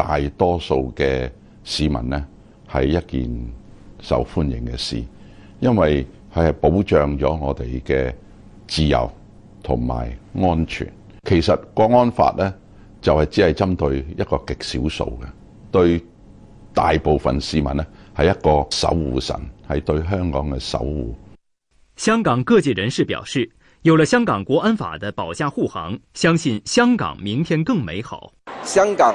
大多數嘅市民呢，係一件受歡迎嘅事，因為係保障咗我哋嘅自由同埋安全。其實國安法呢，就係只係針對一個極少數嘅，對大部分市民呢，係一個守護神，係對香港嘅守護。香港各界人士表示，有了香港國安法的保駕護航，相信香港明天更美好。香港。